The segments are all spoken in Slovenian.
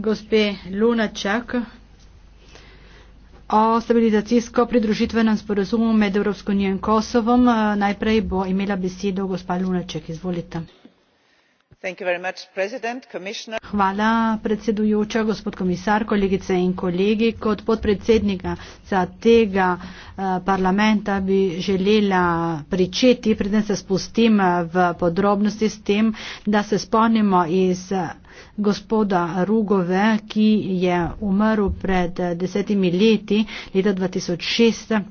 gospe Lunačak o stabilizacijsko-pridružitvenem sporazumu med Evropsko unijo in Kosovom. Najprej bo imela besedo gospa Lunačak. Izvolite. Hvala predsedujoča, gospod komisar, kolegice in kolegi. Kot podpredsednika za tega eh, parlamenta bi želela pričeti, preden se spustim eh, v podrobnosti s tem, da se spomnimo iz eh, gospoda Rugove, ki je umrl pred desetimi leti, leta 2006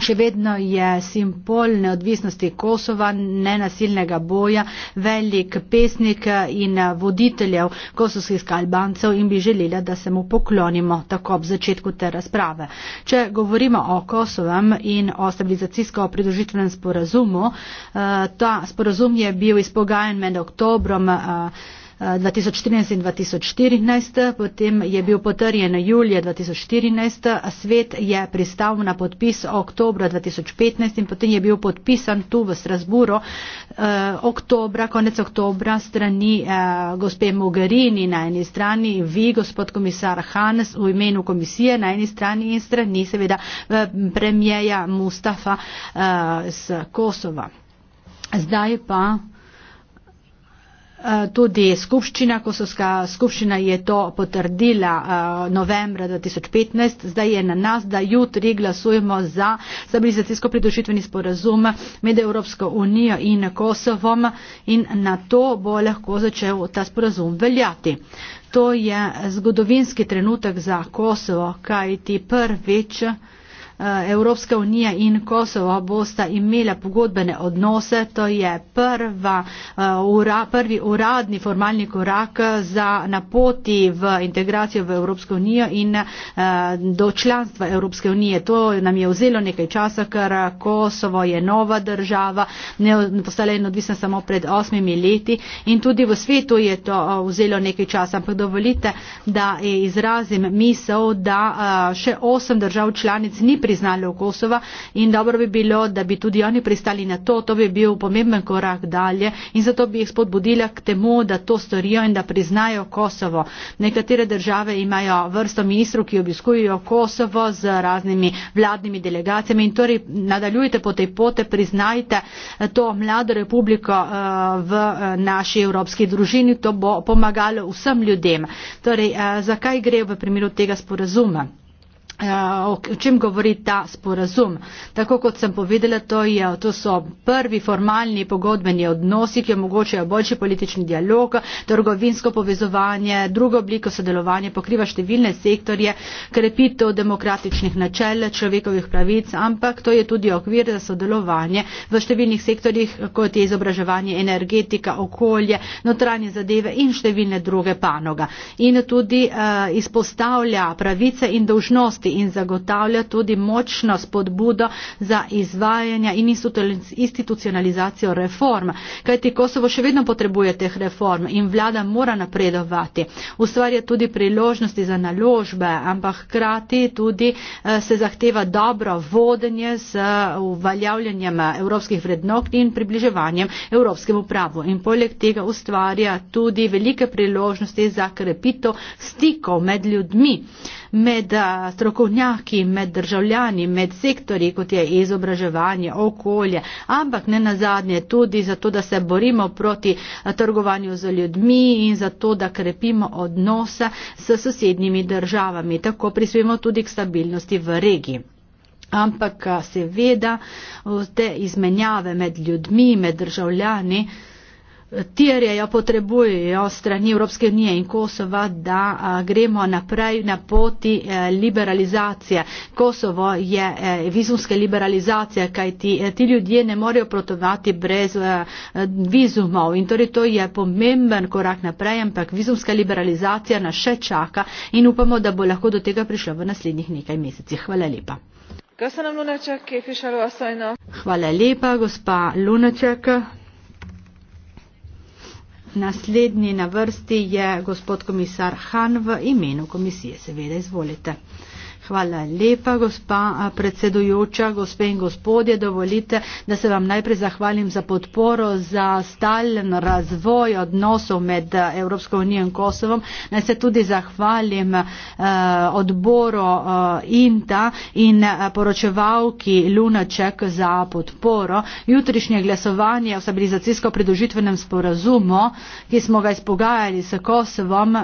Še vedno je simbol neodvisnosti Kosova, nenasilnega boja, velik pesnik in voditeljev kosovskih skalbancev in bi želela, da se mu poklonimo tako ob začetku te razprave. Če govorimo o Kosovem in o stabilizacijsko pridružitvenem sporazumu, eh, ta sporazum je bil izpogajen med oktobrom eh, 2013 in 2014, potem je bil potrjen julija 2014, svet je pristal na podpis oktobra 2015 in potem je bil podpisan tu v Strasburu eh, oktobra, konec oktobra strani eh, gospe Mogherini na eni strani, vi gospod komisar Hannes v imenu komisije na eni strani in strani seveda eh, premijeja Mustafa z Kosova. Zdaj pa. Eh, tudi skupščina, kosovska skupščina je to potrdila eh, novembra 2015, zdaj je na nas, da jutri glasujemo za stabilizacijsko pridušitveni sporazum med Evropsko unijo in Kosovom in na to bo lahko začel ta sporazum veljati. To je zgodovinski trenutek za Kosovo, kaj ti prvič Eh, Evropska unija in Kosovo bosta imela pogodbene odnose, to je prva, eh, ura, prvi uradni formalni korak eh, za napoti v integracijo v Evropsko unijo in do članstva Evropske unije. To nam je vzelo nekaj časa, ker Kosovo je nova država, ne postala je odvisna samo pred osmimi leti in tudi v svetu je to vzelo nekaj časa. Ampak dovolite, da izrazim misel, da še osem držav članic ni pripravljeno priznali v Kosova in dobro bi bilo, da bi tudi oni pristali na to, to bi bil pomemben korak dalje in zato bi jih spodbudila k temu, da to storijo in da priznajo Kosovo. Nekatere države imajo vrsto ministrov, ki obiskujejo Kosovo z raznimi vladnimi delegacijami in torej nadaljujte po tej pote, priznajte eh, to mlado republiko eh, v eh, naši evropski družini, to bo pomagalo vsem ljudem. Torej, zakaj gre v primeru tega sporazuma? Eh, o čem govori ta sporazum. Tako kot sem povedala, to, je, to so prvi formalni pogodbeni odnosi, ki omogočajo boljši politični dialog, trgovinsko povezovanje, drugo obliko sodelovanja, pokriva številne sektorje, krepitev demokratičnih načel, človekovih pravic, ampak to je tudi okvir za sodelovanje v številnih sektorjih, kot je izobraževanje, energetika, okolje, notranje zadeve in številne druge panoga. In tudi uh, izpostavlja pravice in dožnosti vrednosti in zagotavlja tudi močno spodbudo za izvajanje in institucionalizacijo reform. Kajti Kosovo še vedno potrebuje teh reform in vlada mora napredovati. Ustvarja tudi priložnosti za naložbe, ampak hkrati tudi eh, se zahteva dobro vodenje z eh, uvaljavljanjem evropskih vrednot in približevanjem evropskemu pravu. In poleg tega ustvarja tudi velike priložnosti za krepitev stikov med ljudmi med strokovnjaki, med državljani, med sektori, kot je izobraževanje, okolje, ampak ne nazadnje tudi zato, da se borimo proti trgovanju z ljudmi in zato, da krepimo odnose s sosednjimi državami. Tako prispemo tudi k stabilnosti v regiji. Ampak seveda te izmenjave med ljudmi, med državljani, terjajo, potrebujejo strani Evropske unije in Kosova, da gremo naprej na poti e, liberalizacije. Kosovo je e, vizumske liberalizacije, kaj ti, e, ti ljudje ne morejo protovati brez vizumov. In torej to je pomemben korak naprej, ampak vizumska liberalizacija nas še čaka in upamo, da bo lahko do tega prišlo v naslednjih nekaj mesecih. Hvala lepa. Hvala lepa, gospa Lunaček. Naslednji na vrsti je gospod komisar Han v imenu komisije. Seveda izvolite. Hvala lepa, gospa predsedujoča, gospe in gospodje. Dovolite, da se vam najprej zahvalim za podporo, za stalen razvoj odnosov med Evropsko unijo in Kosovom. Naj se tudi zahvalim eh, odboru eh, INTA in poročevalki Lunaček za podporo. Jutrišnje glasovanje o stabilizacijsko pridružitvenem sporazumu, ki smo ga izpogajali s Kosovom,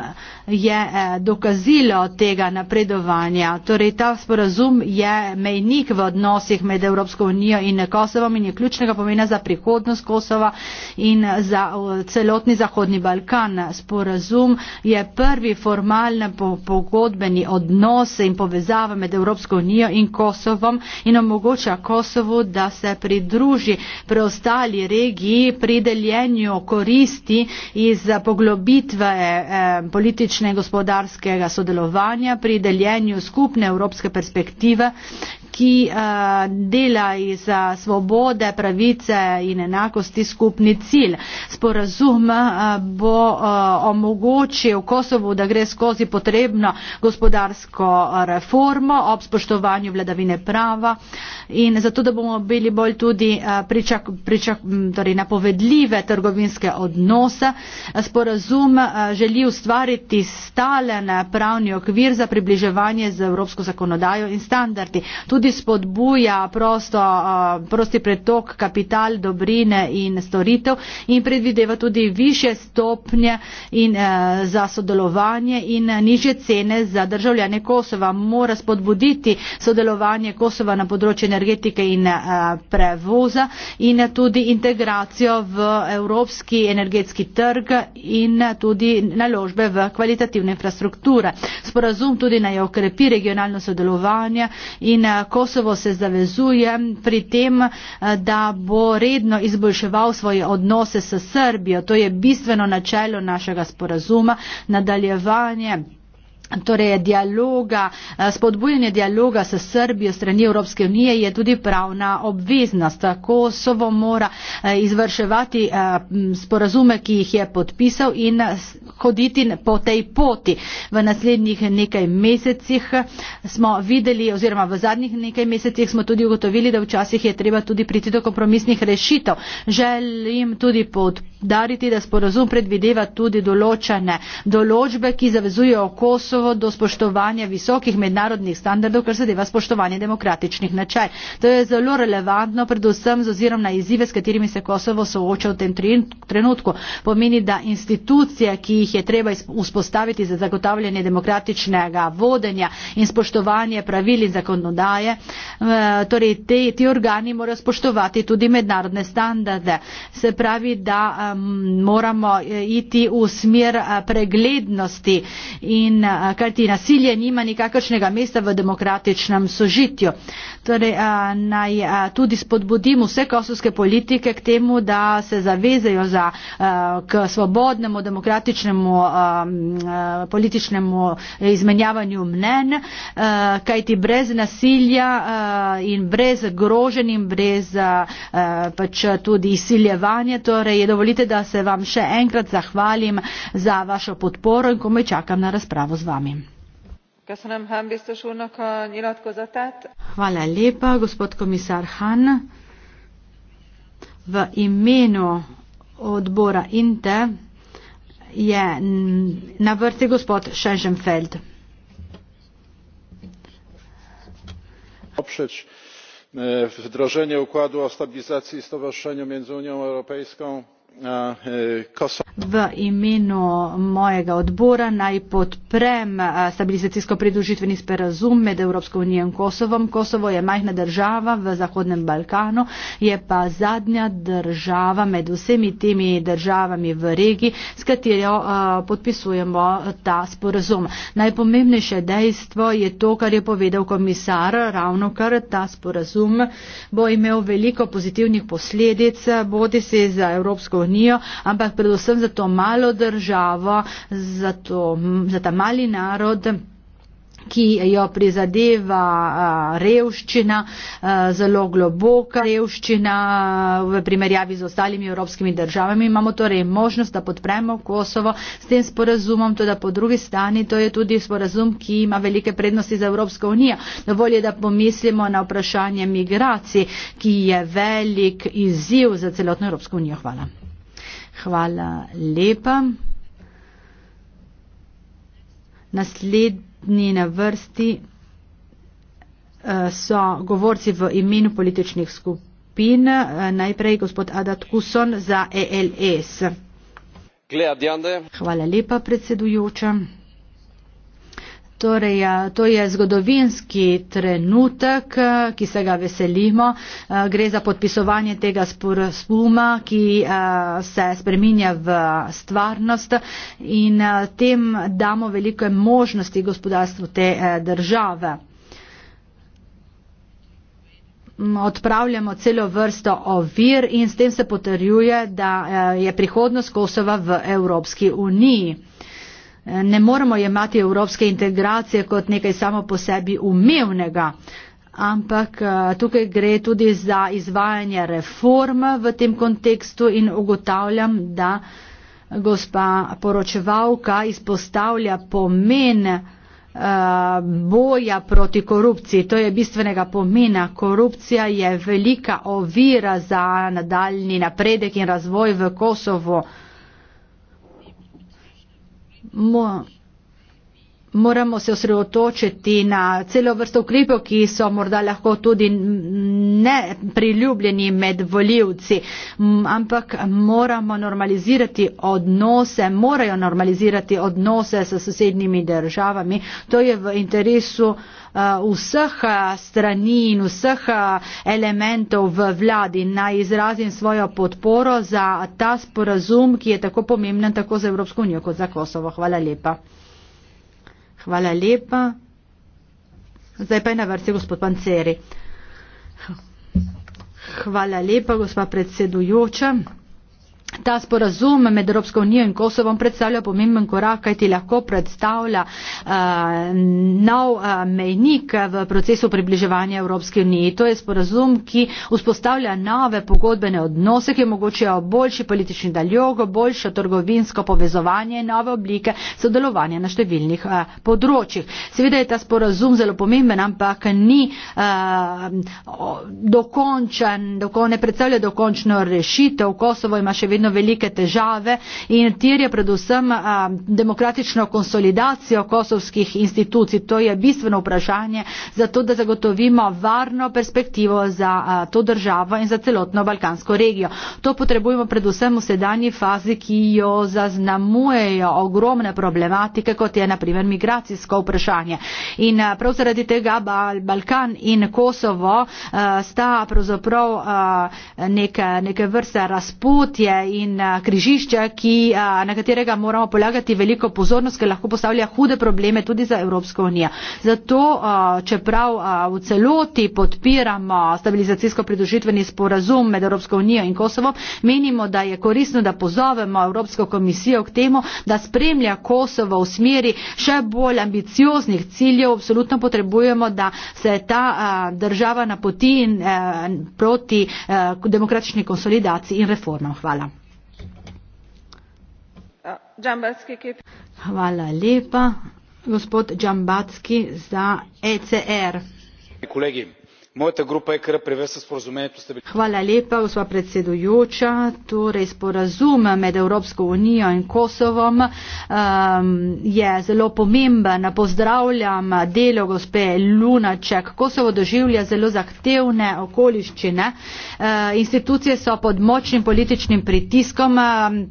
je eh, dokazilo tega napredovanja Torej, ta sporazum je mejnik v odnosih med Evropsko unijo in Kosovom in je ključnega pomena za prihodnost Kosova in za celotni Zahodni Balkan. Sporazum je prvi formalen pogodbeni odnos in povezava med Evropsko unijo in Kosovom in omogoča Kosovu, da se pridruži preostali regiji pri deljenju koristi iz poglobitve eh, politične in gospodarskega sodelovanja, pri deljenju skupnosti skupne evropske perspektive ki uh, dela iz uh, svobode, pravice in enakosti skupni cilj. Sporazum uh, bo uh, omogočil Kosovu, da gre skozi potrebno gospodarsko reformo ob spoštovanju vladavine prava in zato, da bomo bili bolj tudi uh, pričak, pričak, torej napovedljive trgovinske odnose. Sporazum uh, želi ustvariti stalen pravni okvir za približevanje z evropsko zakonodajo in standardi. Tudi tudi spodbuja prosto, prosti pretok kapital, dobrine in storitev in predvideva tudi više stopnje in, e, za sodelovanje in niže cene za državljane Kosova. Mora spodbuditi sodelovanje Kosova na področju energetike in e, prevoza in tudi integracijo v evropski energetski trg in tudi naložbe v kvalitativne infrastrukture. Sporazum tudi naj okrepi regionalno sodelovanje in e, Kosovo se zavezuje pri tem, eh, da bo redno izboljševal svoje odnose s Srbijo. To je bistveno načelo našega sporazuma. Nadaljevanje. Torej, dialoga, eh, spodbujanje dialoga s Srbijo strani Evropske unije je tudi pravna obveznost. Kosovo mora eh, izvrševati eh, sporazume, ki jih je podpisal in hoditi po tej poti. V naslednjih nekaj mesecih smo videli oziroma v zadnjih nekaj mesecih smo tudi ugotovili, da včasih je treba tudi priti do kompromisnih rešitev. Želim tudi podpisati dariti, da sporazum predvideva tudi določene določbe, ki zavezujejo Kosovo do spoštovanja visokih mednarodnih standardov, kar zadeva spoštovanje demokratičnih načel. To je zelo relevantno, predvsem z ozirom na izzive, s katerimi se Kosovo sooča v tem trenutku. Pomeni, da institucije, ki jih je treba vzpostaviti za zagotavljanje demokratičnega vodenja in spoštovanje pravil in zakonodaje, eh, torej te, ti organi morajo spoštovati tudi mednarodne standarde. Se pravi, da moramo eh, iti v smer eh, preglednosti in eh, kar ti nasilje nima nikakršnega mesta v demokratičnem sožitju. Torej, naj tudi spodbudim vse kosovske politike k temu, da se zavezejo za, k svobodnemu demokratičnemu političnemu izmenjavanju mnen, kajti brez nasilja in brez groženim, brez pač tudi izsiljevanja, torej je dovolite dovolite, da se vam še enkrat zahvalim za vašo podporo in komaj čakam na razpravo z vami. Hvala lepa, gospod komisar Han. V imenu odbora INTE je na vrsti gospod Šenženfeld. Vdroženje e, vkladu o stabilizaciji stovršenju med Unijo Evropsko unijo. V imenu mojega odbora naj podprem stabilizacijsko pridružitveni sporazum med Evropsko unijo in Kosovom. Kosovo je majhna država v Zahodnem Balkanu, je pa zadnja država med vsemi temi državami v regiji, s katero podpisujemo ta sporazum. Najpomembnejše dejstvo je to, kar je povedal komisar, ravno kar ta sporazum bo imel veliko pozitivnih posledic, bodi se za Evropsko unijo unijo, ampak predvsem za to malo državo, za, to, za ta mali narod ki jo prizadeva revščina, zelo globoka revščina v primerjavi z ostalimi evropskimi državami. Imamo torej možnost, da podpremo Kosovo s tem sporazumom, tudi po drugi strani to je tudi sporazum, ki ima velike prednosti za Evropsko unijo. Dovolj je, da pomislimo na vprašanje migracij, ki je velik izziv za celotno Evropsko unijo. Hvala. Hvala lepa. Naslednji na vrsti eh, so govorci v imenu političnih skupin. Eh, najprej gospod Adat Kuson za ELS. Hvala lepa, predsedujoča. Torej, ja, to je zgodovinski trenutek, eh, ki se ga veselimo. Eh, gre za podpisovanje tega sporazuma, ki eh, se spreminja v stvarnost in tem damo veliko možnosti gospodarstvu te države. Mm, odpravljamo celo vrsto ovir in s tem se potrjuje, da je prihodnost Kosova v Evropski uniji ne moremo jemati evropske integracije kot nekaj samo po sebi umevnega, ampak eh, tukaj gre tudi za izvajanje reform v tem kontekstu in ugotavljam, da gospa poročevalka izpostavlja pomen eh, boja proti korupciji. To je bistvenega pomena. Korupcija je velika ovira za nadaljni napredek in razvoj v Kosovo moins moramo se osredotočiti na celo vrsto ukrepov, ki so morda lahko tudi nepriljubljeni med voljivci, ampak moramo normalizirati odnose, morajo normalizirati odnose s sosednjimi državami. To je v interesu eh, vseh eh, strani in vseh eh, elementov v vladi. Naj izrazim svojo podporo za ta sporazum, ki je tako pomemben tako za Evropsko unijo kot za Kosovo. Hvala lepa. Hvala lepa. Zdaj pa je na vrsti gospod Panceri. Hvala lepa, gospa predsedujoča ta sporazum med Evropsko unijo in Kosovom predstavlja pomemben korak, kajti lahko predstavlja uh, nov uh, mejnik v procesu približevanja Evropske unije. To je sporazum, ki vzpostavlja nove pogodbene odnose, ki omogočajo boljši politični daljog, boljše trgovinsko povezovanje in nove oblike sodelovanja na številnih uh, področjih. Seveda je ta sporazum zelo pomemben, ampak ni uh, dokončen, doko, ne predstavlja dokončno rešitev. Kosovo ima še vedno velike težave in tirje predvsem a, demokratično konsolidacijo kosovskih institucij. To je bistveno vprašanje za to, da zagotovimo varno perspektivo za a, to državo in za celotno balkansko regijo. To potrebujemo predvsem v sedanji fazi, ki jo zaznamujejo ogromne problematike, kot je na primer migracijsko vprašanje. In a, prav zaradi tega Bal Balkan in Kosovo a, sta pravzaprav a, neke, neke vrste razpotje in in križišča, ki, na katerega moramo polagati veliko pozornost, ker lahko postavlja hude probleme tudi za Evropsko unijo. Zato, čeprav v celoti podpiramo stabilizacijsko pridružitveni sporazum med Evropsko unijo in Kosovo, menimo, da je korisno, da pozovemo Evropsko komisijo k temu, da spremlja Kosovo v smeri še bolj ambicioznih ciljev. Absolutno potrebujemo, da se ta država napoti in proti demokratični konsolidaciji in reformam. Hvala džambatski ekipi. Hvala lepa, gospod džambatski za ECR. Kolegi, Hvala lepa, gospa predsedujoča. Torej, sporazum med Evropsko unijo in Kosovom um, je zelo pomemben. Pozdravljam delo gospe Lunaček. Kosovo doživlja zelo zahtevne okoliščine. Uh, institucije so pod močnim političnim pritiskom.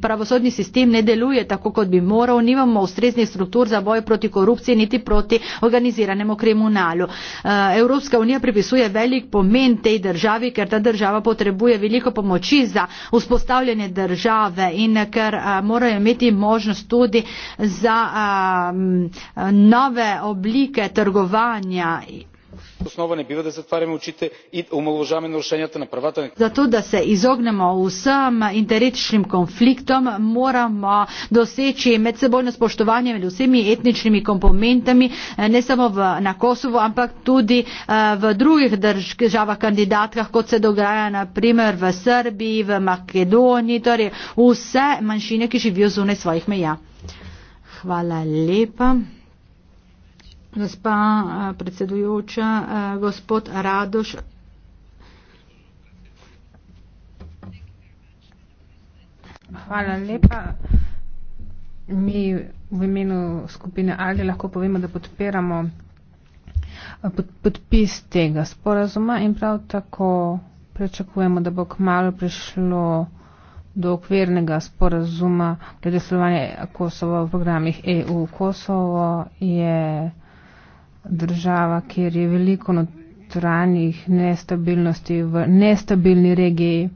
Pravosodni sistem ne deluje tako, kot bi moral. Nimamo ustreznih struktur za boj proti korupciji, niti proti organiziranemu kriminalu. Uh, velik pomen tej državi, ker ta država potrebuje veliko pomoči za vzpostavljanje države in ker morajo imeti možnost tudi za nove oblike trgovanja обосновани бива да затваряме очите и омаловажаваме нарушенията на правата на. Зато да се изогнемо усам интеретичним конфликтом, морамо досечи медсебојно споштовање меѓу всеми етничними компонентами, не само в, на Косово, ампак туди в других држава кандидатка, кој се дограја, на пример, в Србији, в Македонији, тоа усе маншине ки живио зоне своих меја. Hvala lepa. Gospa eh, predsedujoča, eh, gospod Radoš. Hvala lepa. Mi v imenu skupine Aldi lahko povemo, da podpiramo eh, podpis tega sporazuma in prav tako prečakujemo, da bo k malu prišlo do okvirnega sporazuma glede slovanja Kosovo v programih EU. Kosovo je država, kjer je veliko notranjih nestabilnosti v nestabilni regiji.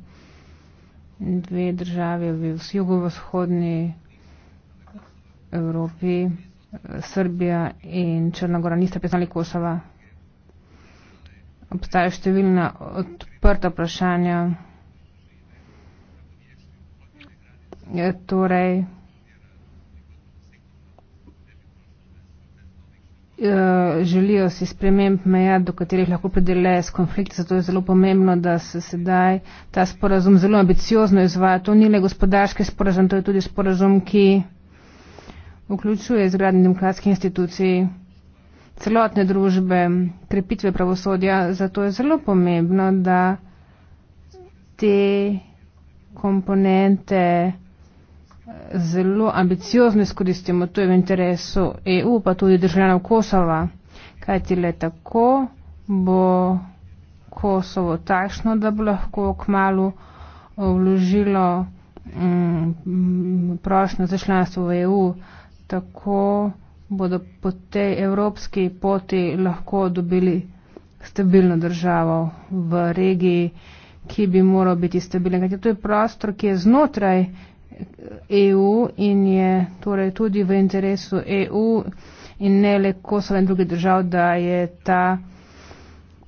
Dve države v jugovzhodni Evropi, Srbija in Črnagora, nista priznali Kosova. Obstajajo številna odprta vprašanja. Ja, torej, Eh, želijo si sprememb meja, do katerih lahko pridele s konflikti, zato je zelo pomembno, da se sedaj ta sporazum zelo ambiciozno izvaja. To ni le gospodarski sporazum, to je tudi sporazum, ki vključuje izgradnje demokratskih institucij, celotne družbe, krepitve pravosodja. Zato je zelo pomembno, da te komponente zelo ambiciozno izkoristimo, to je v interesu EU, pa tudi državljanov Kosova, kajti le tako bo Kosovo takšno, da bo lahko kmalo vložilo mm, prošnjo za članstvo v EU, tako bodo po tej evropski poti lahko dobili stabilno državo v regiji, ki bi moral biti stabilen. To je prostor, ki je znotraj EU in je torej tudi v interesu EU in ne le Kosova in drugih držav, da je ta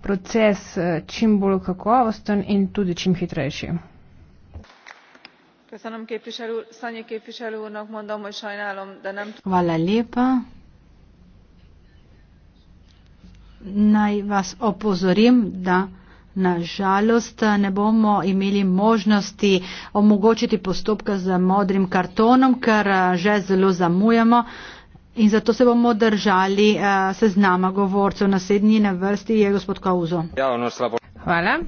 proces eh, čim bolj kakovosten in tudi čim hitrejši. Hvala lepa. Naj vas opozorim, da. Na žalost ne bomo imeli možnosti omogočiti postopka z modrim kartonom, ker eh, že zelo zamujamo in zato se bomo držali eh, seznama govorcev. Naslednji na vrsti je gospod Kauzo. Ja, Hvala.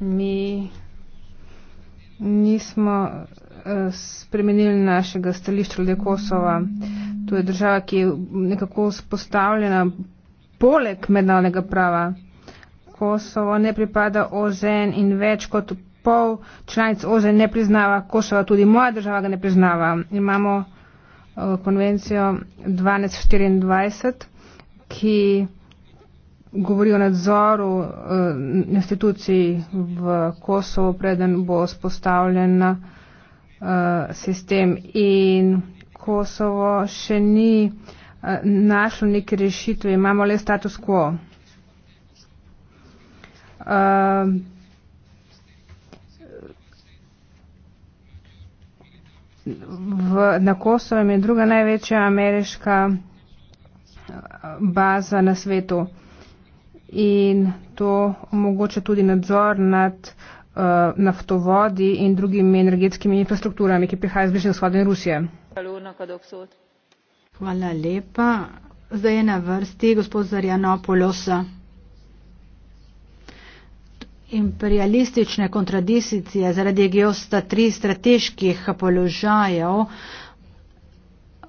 Mi nismo eh, spremenili našega stališča glede Kosova. To je država, ki je nekako spostavljena poleg mednarodnega prava. Kosovo ne pripada OZN in več kot pol članic OZN ne priznava Kosova, tudi moja država ga ne priznava. Imamo eh, konvencijo 1224, ki govori o nadzoru eh, institucij v Kosovo, preden bo spostavljen eh, sistem in Kosovo še ni našlo neke rešitve, imamo le status quo. Ehm, v, na Kosovem je druga največja ameriška eh, baza na svetu in to omogoča tudi nadzor nad uh, naftovodi in drugimi energetskimi infrastrukturami, ki prihajajo z bližnje vzhode in Rusije. Hvala lepa. Zdaj je na vrsti gospod Zarjanopolosa imperialistične kontradikcije zaradi geostatri strateških položajev,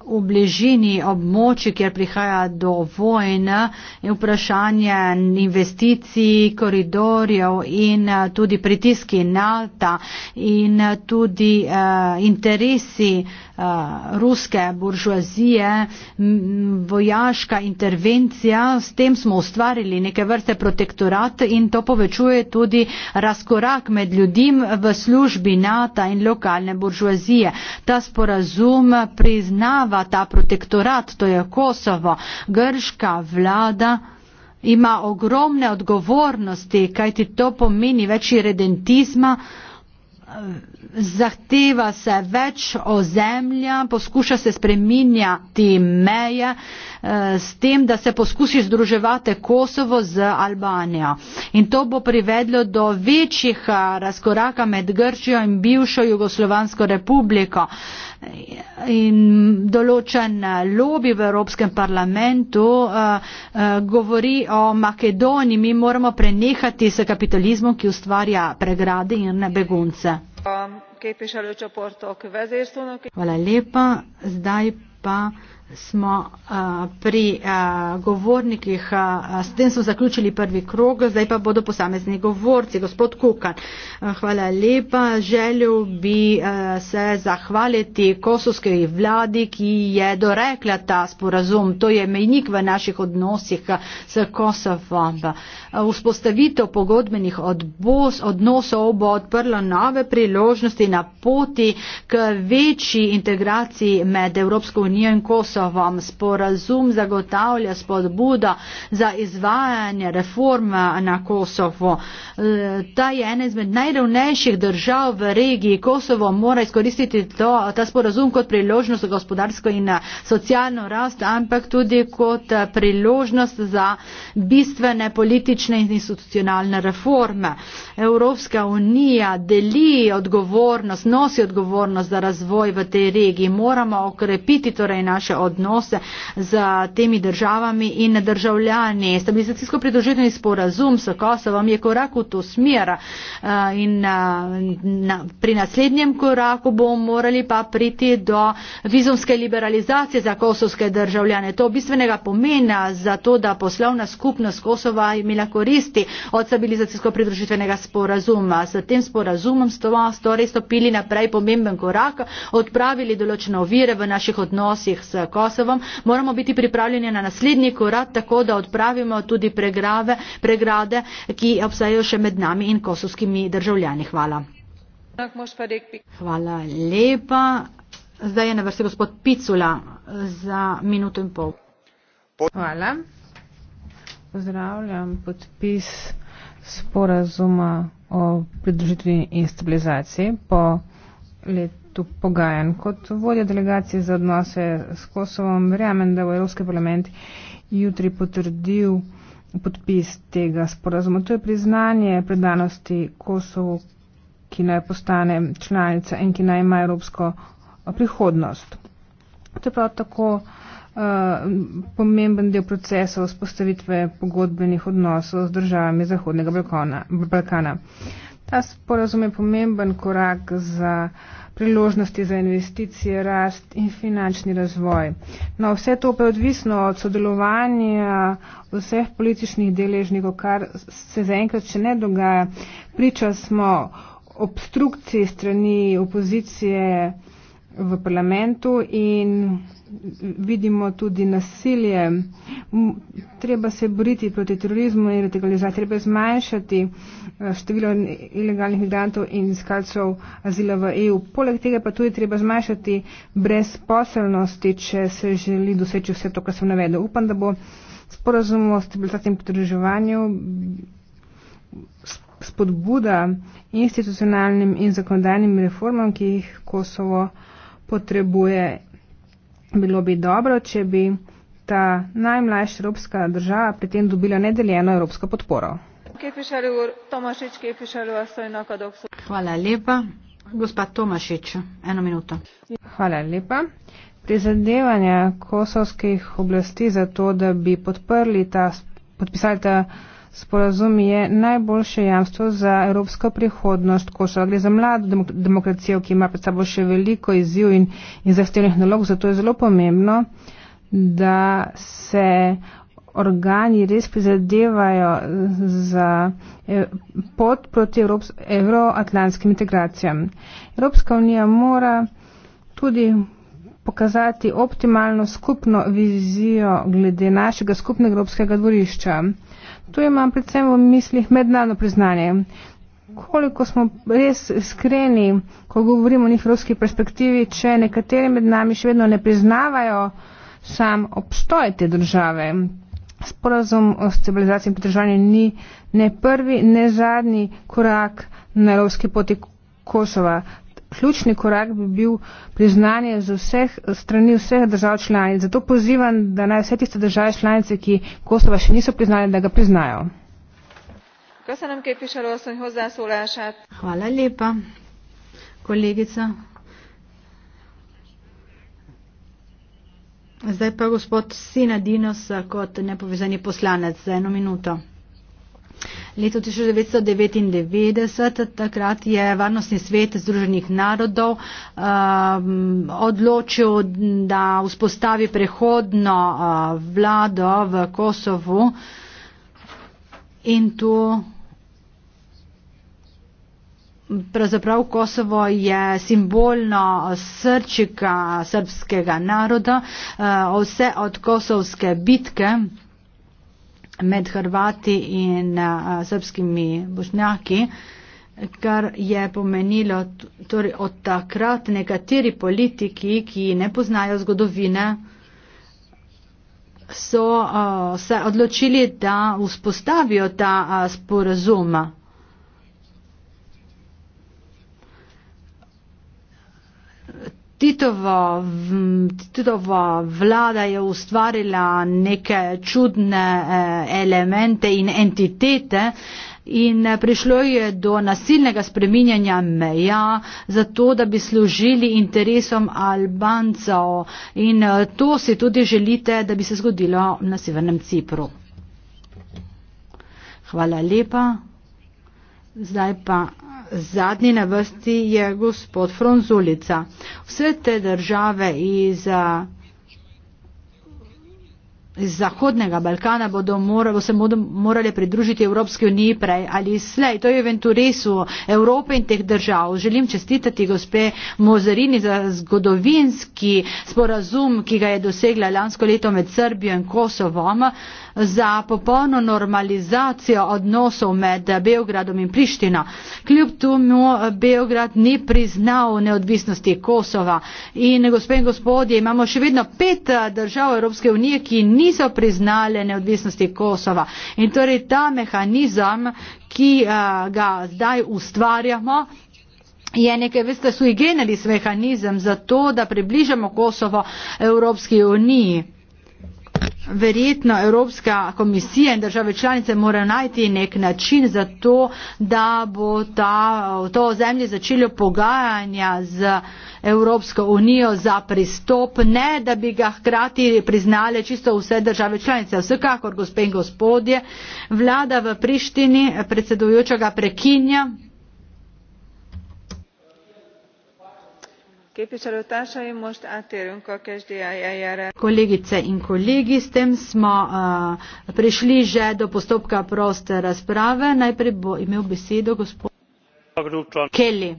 v bližini območij, kjer prihaja do vojna, vprašanje investicij, koridorjev in eh, tudi pritiski NATO in eh, tudi eh, interesi ruske buržuazije, vojaška intervencija, s tem smo ustvarili neke vrste protektorat in to povečuje tudi razkorak med ljudim v službi NATO in lokalne buržuazije. Ta sporazum priznava država, ta protektorat, to je Kosovo, grška vlada ima ogromne odgovornosti, kaj ti to pomeni večji redentizma, zahteva se več ozemlja, poskuša se spreminjati meje eh, s tem, da se poskusi združevati Kosovo z Albanijo. In to bo privedlo do večjih eh, razkoraka med Grčijo in bivšo Jugoslovansko republiko. In določen eh, lobi v Evropskem parlamentu govori o Makedoniji, mi moramo prenehati s kapitalizmom, ki ustvarja pregrade in begunce zdaj pa besedo ima gospod kollega franciszek sonik stališče skupine alde smo uh, pri uh, govornikih, uh, s tem smo zaključili prvi krog, zdaj pa bodo posamezni govorci. Gospod Kukan, uh, hvala lepa. Želel bi uh, se zahvaliti kosovski vladi, ki je dorekla ta sporazum. To je mejnik v naših odnosih s Kosovom. Vzpostavitev uh, pogodbenih odbos, odnosov bo odprla nove priložnosti na poti k večji integraciji med Evropsko unijo in Kosovo. Borisovom. Sporazum zagotavlja spodbudo za izvajanje reform na Kosovo. Ta je ena izmed najrevnejših držav v regiji. Kosovo mora izkoristiti to, ta sporazum kot priložnost za gospodarsko in socialno rast, ampak tudi kot priložnost za bistvene politične in institucionalne reforme. Evropska unija deli odgovornost, nosi odgovornost za razvoj v tej regiji. Moramo okrepiti torej naše odgovornosti odnos z temi državami in državljani. Stabilizacijsko pridružitveni sporazum s Kosovom je korak v to smer eh, in eh, pri naslednjem koraku bomo morali pa priti do vizumske liberalizacije za kosovske državljane. To bistvenega pomena za to, da poslovna skupnost Kosova je imela koristi od stabilizacijsko pridružitvenega sporazuma. S tem sporazumom smo torej stopili naprej pomemben korak, odpravili določene ovire v naših odnosih s Kosovom. Kosovom, moramo biti pripravljeni na naslednji korak, tako da odpravimo tudi pregrave, pregrade, ki obstajajo še med nami in kosovskimi državljani. Hvala. Hvala lepa. Zdaj je na vrsti gospod Picula za minuto in pol. Hvala. Pozdravljam podpis sporazuma o pridružitvi in stabilizaciji po letu tu pogajanj. Kot vodja delegacije za odnose s Kosovom, verjamem, da bo Evropski parlament jutri potrdil podpis tega sporazuma. To je priznanje predanosti Kosovu, ki naj postane članica in ki naj ima evropsko eh, prihodnost. To je prav tako uh, pomemben del procesa vzpostavitve pogodbenih odnosov z državami Zahodnega Balkana. Ta sporazum je pomemben korak za priložnosti za investicije, rast in finančni razvoj. No, vse to pa je odvisno od sodelovanja vseh političnih deležnikov, kar se zaenkrat še ne dogaja. Priča smo obstrukciji strani opozicije v parlamentu in vidimo tudi nasilje. Treba se boriti proti terorizmu in radikalizaciji, treba zmanjšati eh, število ilegalnih migrantov in iskalcev azila v EU. Poleg tega pa tudi treba zmanjšati brezposelnosti, če se želi doseči vse to, kar sem navedel. Upam, da bo sporozum o stabilizaciji in pridruževanju spodbuda institucionalnim in zakonodajnim reformam, ki jih Kosovo potrebuje. Bilo bi dobro, če bi ta najmlajša evropska država pri tem dobila nedeljeno evropsko podporo. Hvala lepa. Gospa Tomašič, eno minuto. Hvala lepa. Prizadevanja kosovskih oblasti za to, da bi podprli ta, podpisali ta sporazum je najboljše jamstvo za evropsko prihodnost Kosova. Gre za mlado demokracijo, ki ima pred sabo še veliko izziv in, in zahtevnih nalog, zato je zelo pomembno, da se organi res prizadevajo za eh, pot proti evroatlantskim integracijam. Evropska unija mora tudi pokazati optimalno skupno vizijo glede našega skupnega evropskega dvorišča. Tu imam predvsem v mislih mednarodno priznanje. Koliko smo res iskreni, ko govorimo o njih ruski perspektivi, če nekateri med nami še vedno ne priznavajo sam obstoj te države. Sporazum o stabilizaciji in pridržanju ni ne prvi, ne zadnji korak na ruski poti Kosova ključni korak bi bil priznanje z vseh strani vseh držav članic. Zato pozivam, da naj vse tiste države članice, ki Kosova še niso priznali, da ga priznajo. Köszönöm, képviselő asszony, hozzászólását. Hála lépa, kollégica. Zdaj pa gospod Sina Dinos, kot nepovezani poslanec, za eno minuto letu 1999, takrat je Varnostni svet Združenih narodov um, odločil, da vzpostavi prehodno uh, vlado v Kosovu in tu. Pravzaprav Kosovo je simbolno srčika srpskega naroda, uh, vse od kosovske bitke med Hrvati in uh, srpskimi bošnjaki, kar je pomenilo torej od takrat nekateri politiki, ki ne poznajo zgodovine, so uh, se odločili, da vzpostavijo ta uh, sporazuma. Titovo, Titovo vlada je ustvarila neke čudne eh, elemente in entitete in eh, prišlo je do nasilnega spreminjanja meja, zato da bi služili interesom Albancev in eh, to si tudi želite, da bi se zgodilo na Severnem Cipru. Hvala lepa. Zdaj pa zadnji na vrsti je gospod Fronzulica. Vse te države iz, iz Zahodnega Balkana bodo morali, se bodo morali pridružiti Evropski uniji prej ali slej. To je venturisu Evrope in teh držav. Želim čestitati gospe Mozarini za zgodovinski sporazum, ki ga je dosegla lansko leto med Srbijo in Kosovom. Uh, za popolno normalizacijo odnosov med Beogradom in Priština. Kljub temu Beograd ni priznal neodvisnosti Kosova. In gospod in gospodje, imamo še vedno pet eh, držav Evropske unije, ki niso priznale neodvisnosti Kosova. In torej ta mehanizem, ki eh, ga zdaj ustvarjamo, je nekaj, veste, sui generis mehanizem za to, da približamo Kosovo Evropski uniji verjetno Evropska komisija in države članice morajo najti nek način za to, da bo ta, to zemlje začelo pogajanja z Evropsko unijo za pristop, ne da bi ga hkrati priznale čisto vse države članice. Vsekakor, gospe in gospodje, vlada v Prištini predsedujočega prekinja. Kolegice in kolegi, s tem smo uh, prišli že do postopka proste razprave. Najprej bo imel besedo gospod Kelly.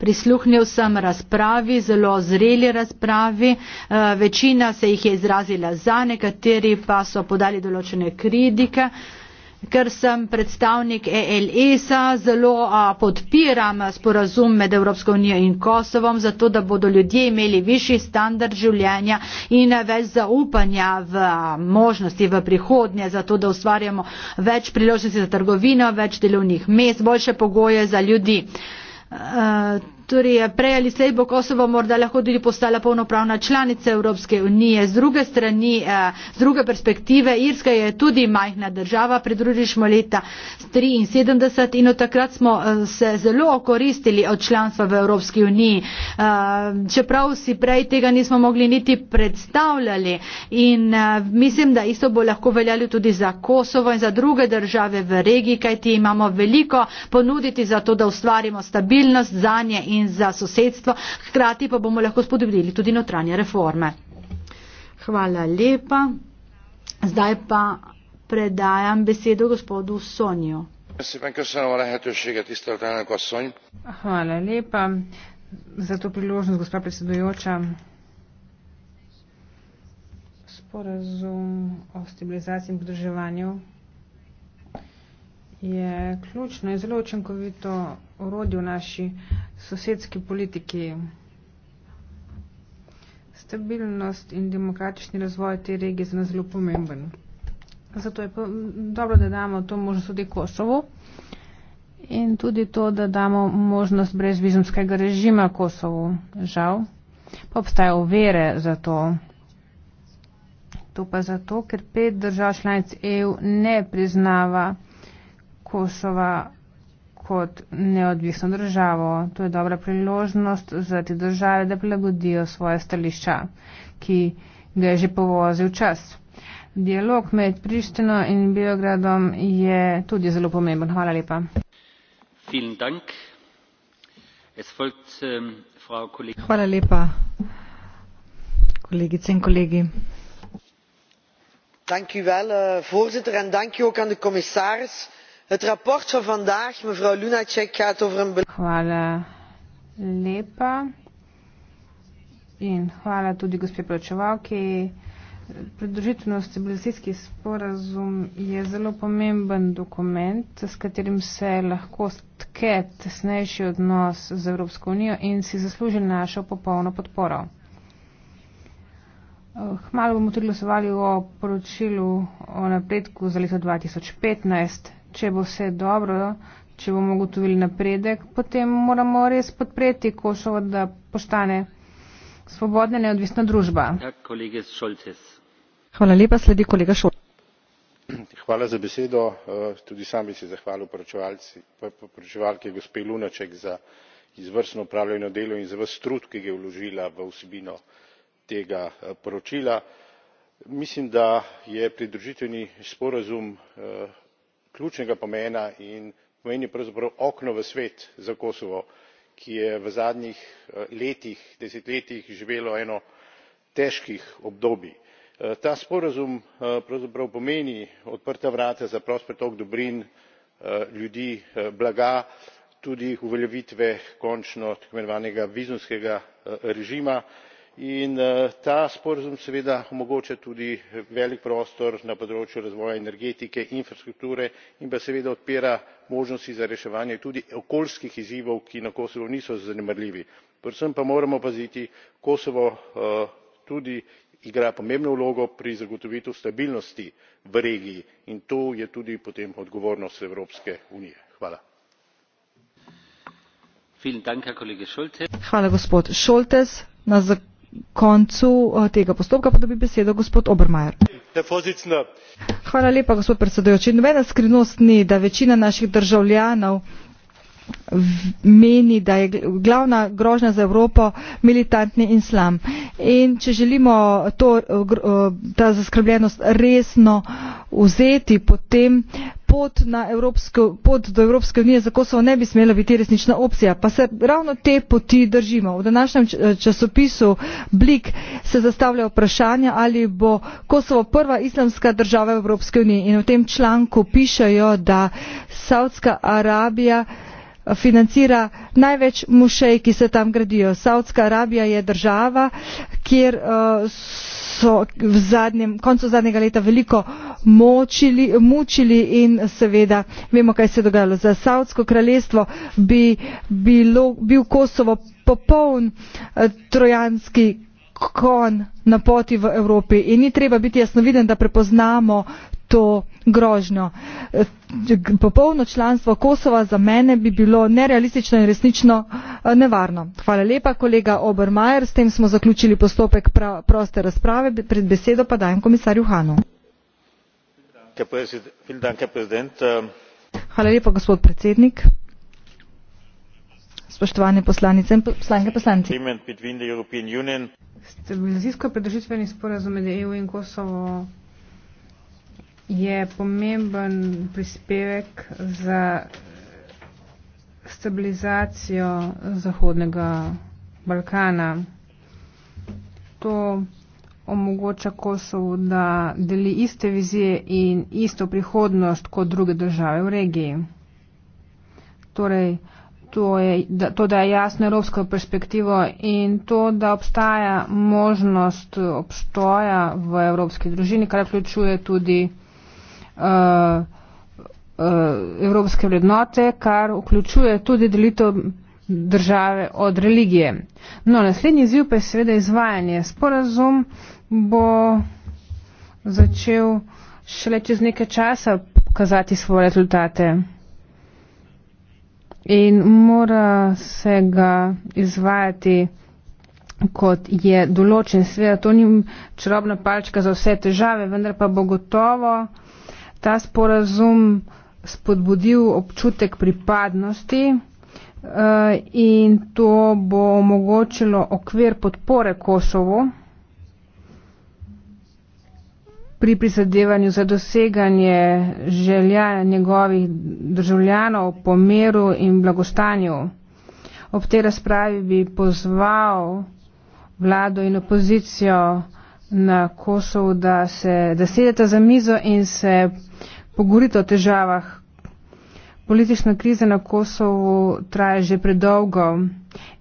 Prisluhnil sem razpravi, zelo zreli razpravi. Večina se jih je izrazila za, nekateri pa so podali določene kritike. Uh, ker sem predstavnik ELS-a, e zelo a, podpiram sporazum med Evropsko unijo in Kosovom, zato da bodo ljudje imeli višji standard življenja in več zaupanja v a, možnosti v prihodnje, zato da ustvarjamo več priložnosti za trgovino, več delovnih mest, boljše pogoje za ljudi. A, Torej, ja, prej ali slej bo Kosovo morda lahko tudi postala polnopravna članica Evropske unije. Z druge strani, eh, z druge perspektive, Irska je tudi majhna država, pridružišmo leta 1973 in od takrat smo eh, se zelo okoristili od članstva v Evropski uniji. Eh, čeprav si prej tega nismo mogli niti predstavljali in mislim, da isto bo lahko veljalo tudi za Kosovo in za druge države v regiji, kajti imamo veliko ponuditi za to, da ustvarimo stabilnost za nje in za sosedstvo, hkrati pa bomo lahko spodobili tudi notranje reforme. Hvala lepa. Zdaj pa predajam besedo gospodu Sonju. Hvala lepa za to priložnost, gospa predsedujoča. Sporazum o stabilizaciji in podrževanju je ključno in zelo učinkovito orodju naši sosedski politiki. Stabilnost in demokratični razvoj te regije je zelo pomemben. Zato je dobro, da damo to možnost tudi Kosovo in tudi to, da damo možnost brez vizumskega režima Kosovo. Žal, pa obstajajo vere za to. To pa zato, ker pet držav članic EU ne priznava Kosova kot neodvisno državo. To je dobra priložnost za te države, da prilagodijo svoje stališča, ki ga je že povozil čas. Dialog med Prištino in Biogradom je tudi zelo pomemben. Hvala lepa. Ähm, Hvala lepa, kolegice in kolegi. Dank u wel, eh, voorzitter, en dank u ook aan de commissaris het verslag van vandaag mevrouw lunacek gaat over een. Hvala lepa. In hvala tudi gospe plačevalki. Pridružitvenost civilizacijski sporazum je zelo pomemben dokument, s katerim se lahko tke tesnejši odnos z Evropsko unijo in si zasluži našo popolno podporo. Hmalo bomo tudi glasovali o poročilu o napredku za leto 2015 če bo vse dobro, če bomo ugotovili napredek, potem moramo res podpreti Kosovo, da postane svobodna neodvisna družba. Ja, Hvala lepa, sledi kolega Šolc. Hvala za besedo. Eh, tudi sam bi se zahvalil poročevalki gospe Lunaček za izvrstno upravljeno delo in za vse trud, ki ga je vložila v vsebino tega eh, poročila. Mislim, da je pridružitveni sporazum eh, ključnega pomena in pomeni pravzaprav okno v svet za kosovo ki je v zadnjih eh, letih desetletjih živelo eno težkih obdobij. Eh, ta sporazum eh, pravzaprav pomeni odprta vrata za prost pretok dobrin ljudi blaga tudi uveljavitve končno tako imenovanega vizumskega režima in eh, ta sporazum seveda omogoča tudi eh, velik prostor na področju razvoja energetike infrastrukture in pa seveda odpira možnosti za reševanje tudi okoljskih izzivov ki na kosovu niso zanemarljivi. predvsem pa moramo paziti kosovo eh, tudi igra pomembno vlogo pri zagotovitvi stabilnosti v regiji in to je tudi potem odgovornost evropske unije koncu eh, tega postopka pa dobi besedo gospod Obermajer. Hvala lepa, gospod predsedujoči. Nobena skrivnost ni, da večina naših državljanov meni, da je glavna grožnja za Evropo militantni islam. In če želimo to, eh, eh, ta zaskrbljenost resno vzeti, potem pot do evropske unije za kosovo ne bi smela biti resnična opcija pa se ravno te poti držimo. v današnjem časopisu blik se zastavlja vprašanje ali bo kosovo prva islamska država evropske unije in v tem članku pišejo da saudska arabija eh, financira največ mušej ki se tam gradijo. saudska arabija je država kjer uh, so v zadnjem, koncu zadnjega leta veliko močili, mučili in seveda vemo, kaj se je dogajalo. Za Saudsko kraljestvo bi bilo, bil Kosovo popoln eh, trojanski kon na poti v Evropi in ni treba biti jasnoviden, da prepoznamo to grožnjo. E, popolno članstvo Kosova za mene bi bilo nerealistično in resnično e, nevarno. Hvala lepa, kolega Obermajer. S tem smo zaključili postopek pra, proste razprave. Pred besedo pa dajem komisarju Hanu. Hvala lepa, gospod predsednik. Spoštovane poslanice in poslanke poslanci. Stabilizacijsko predržitveni sporazum med EU in Kosovo je pomemben prispevek za stabilizacijo Zahodnega Balkana. To omogoča Kosovo, da deli iste vizije in isto prihodnost kot druge države v regiji. Torej, to, je, da, to daje jasno evropsko perspektivo in to, da obstaja možnost obstoja v evropski družini, kar vključuje tudi uh, uh, evropske vrednote, kar vključuje tudi delitev države od religije. No, naslednji izziv pa je seveda izvajanje. Sporazum bo začel šele čez nekaj časa pokazati svoje rezultate in mora se ga izvajati kot je določen. Sveda to ni čarobna palčka za vse težave, vendar pa bo gotovo ta sporazum spodbudil občutek pripadnosti eh, in to bo omogočilo okvir podpore Kosovo pri prizadevanju za doseganje želja njegovih državljanov po miru in blagostanju. Ob tej razpravi bi pozval vlado in opozicijo na Kosovo, da se da sedeta za mizo in se pogovoriti o težavah. Politična kriza na Kosovu traja že predolgo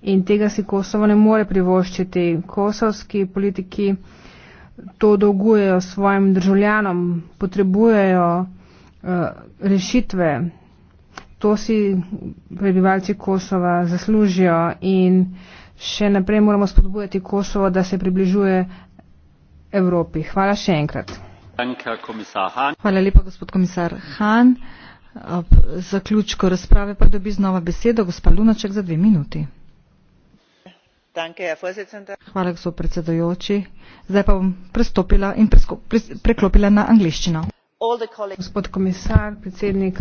in tega si Kosovo ne more privoščiti. Kosovski politiki to dolgujejo svojim državljanom, potrebujejo uh, rešitve. To si prebivalci Kosova zaslužijo in še naprej moramo spodbujati Kosovo, da se približuje Evropi. Hvala še enkrat gospod komisar hahn ob zaključku razprave pa dobi znova besedo gospa lunacek za dve minuti hvala gospod predsedujoči zdaj pa bom prestopila in preklopila na angleščino gospod komisar predsednik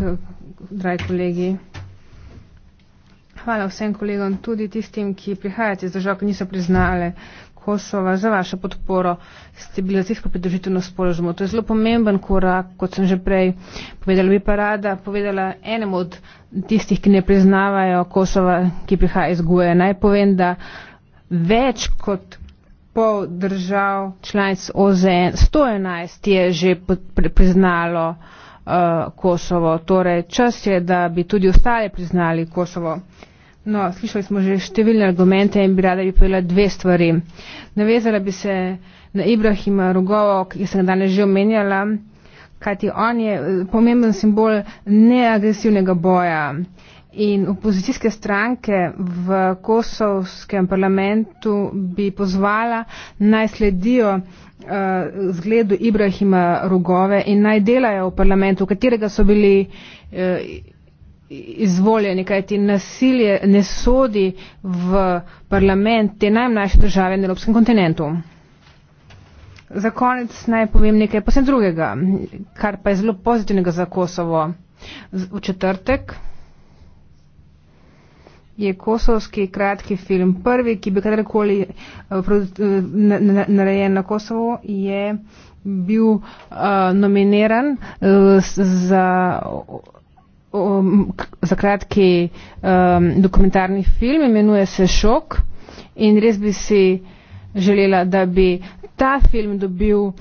dragi kolegi hvala vsem kolegom tudi tistim ki prihajate iz držav ki niso priznale Kosova za vašo podporo stabilizacijsko pridružitveno sporozumu. To je zelo pomemben korak, kot sem že prej povedala, bi pa rada povedala enemu od tistih, ki ne priznavajo Kosova, ki prihaja iz Guje. Naj povem, da več kot pol držav članic OZN, 111 je že priznalo uh, Kosovo. Torej, čas je, da bi tudi ostale priznali Kosovo. No, slišali smo že številne argumente in bi rada bi povedala dve stvari. Navezala bi se na Ibrahima Rugovo, ki sem ga danes že omenjala, kajti on je eh, pomemben simbol neagresivnega boja. In opozicijske stranke v kosovskem parlamentu bi pozvala naj sledijo uh, zgledu Ibrahima Rugove in naj delajo v parlamentu, katerega so bili uh, izvoljeni, kaj ti nasilje ne sodi v parlament te najmlajše države na evropskem kontinentu. Za konec naj povem nekaj posebno drugega, kar pa je zelo pozitivnega za Kosovo. V četrtek je kosovski kratki film prvi, ki bi kadarkoli eh, eh, narejen na Kosovo, je bil uh, nominiran uh, za. Uh, um, za kratki um, dokumentarni film, imenuje se Šok in res bi si želela, da bi ta film dobil um,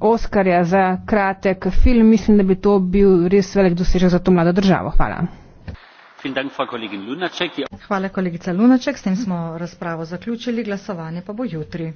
Oskarja za kratek film. Mislim, da bi to bil res velik dosežek za to mlado državo. Hvala. Hvala, kolegica Lunaček. S tem smo razpravo zaključili. Glasovanje pa bo jutri.